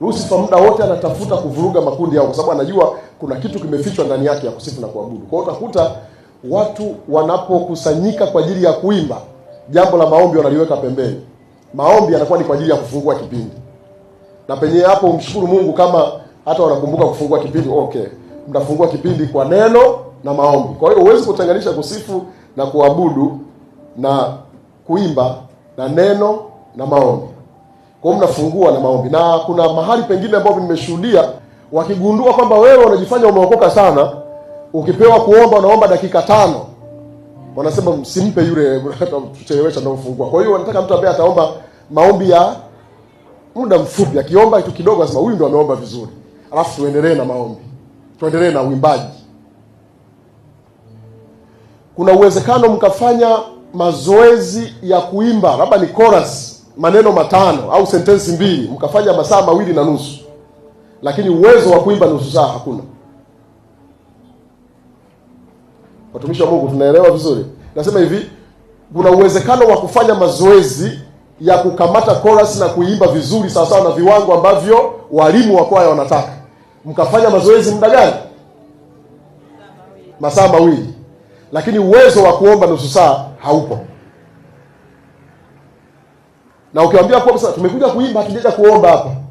Lucifer muda wote anatafuta kuvuruga makundi yao, kwa sababu anajua kuna kitu kimefichwa ndani yake ya kusifu na kuabudu. Kwa hiyo utakuta watu wanapokusanyika kwa ajili ya kuimba, jambo la maombi wanaliweka pembeni. Maombi yanakuwa ni kwa ajili ya kufungua kipindi, na penye hapo umshukuru Mungu kama hata wanakumbuka kufungua kipindi. Okay, mnafungua kipindi kwa neno na maombi. Kwa hiyo huwezi kutenganisha kusifu na kuabudu na kuimba na neno na maombi. Kwa hiyo mnafungua na maombi, na kuna mahali pengine ambapo nimeshuhudia wakigundua kwamba wewe unajifanya umeokoka sana, ukipewa kuomba unaomba dakika tano, wanasema msimpe yule tuchelewesha ndio ufungua. Kwa hiyo wanataka mtu ambaye ataomba maombi ya muda mfupi, akiomba kitu kidogo asema huyu ndio ameomba vizuri, alafu tuendelee na maombi, tuendelee na uimbaji. Kuna uwezekano mkafanya mazoezi ya kuimba, labda ni chorus maneno matano au sentensi mbili mkafanya masaa mawili na nusu, lakini uwezo wa kuimba nusu saa hakuna. Watumishi wa Mungu, tunaelewa vizuri? Nasema hivi, kuna uwezekano wa kufanya mazoezi ya kukamata chorus na kuimba vizuri sawasawa na viwango ambavyo walimu wa kwaya wanataka. Mkafanya mazoezi muda gani? Masaa mawili, lakini uwezo wa kuomba nusu saa haupo na ukiambia kwa msa, tumekuja kuimba hatujaja kuomba hapa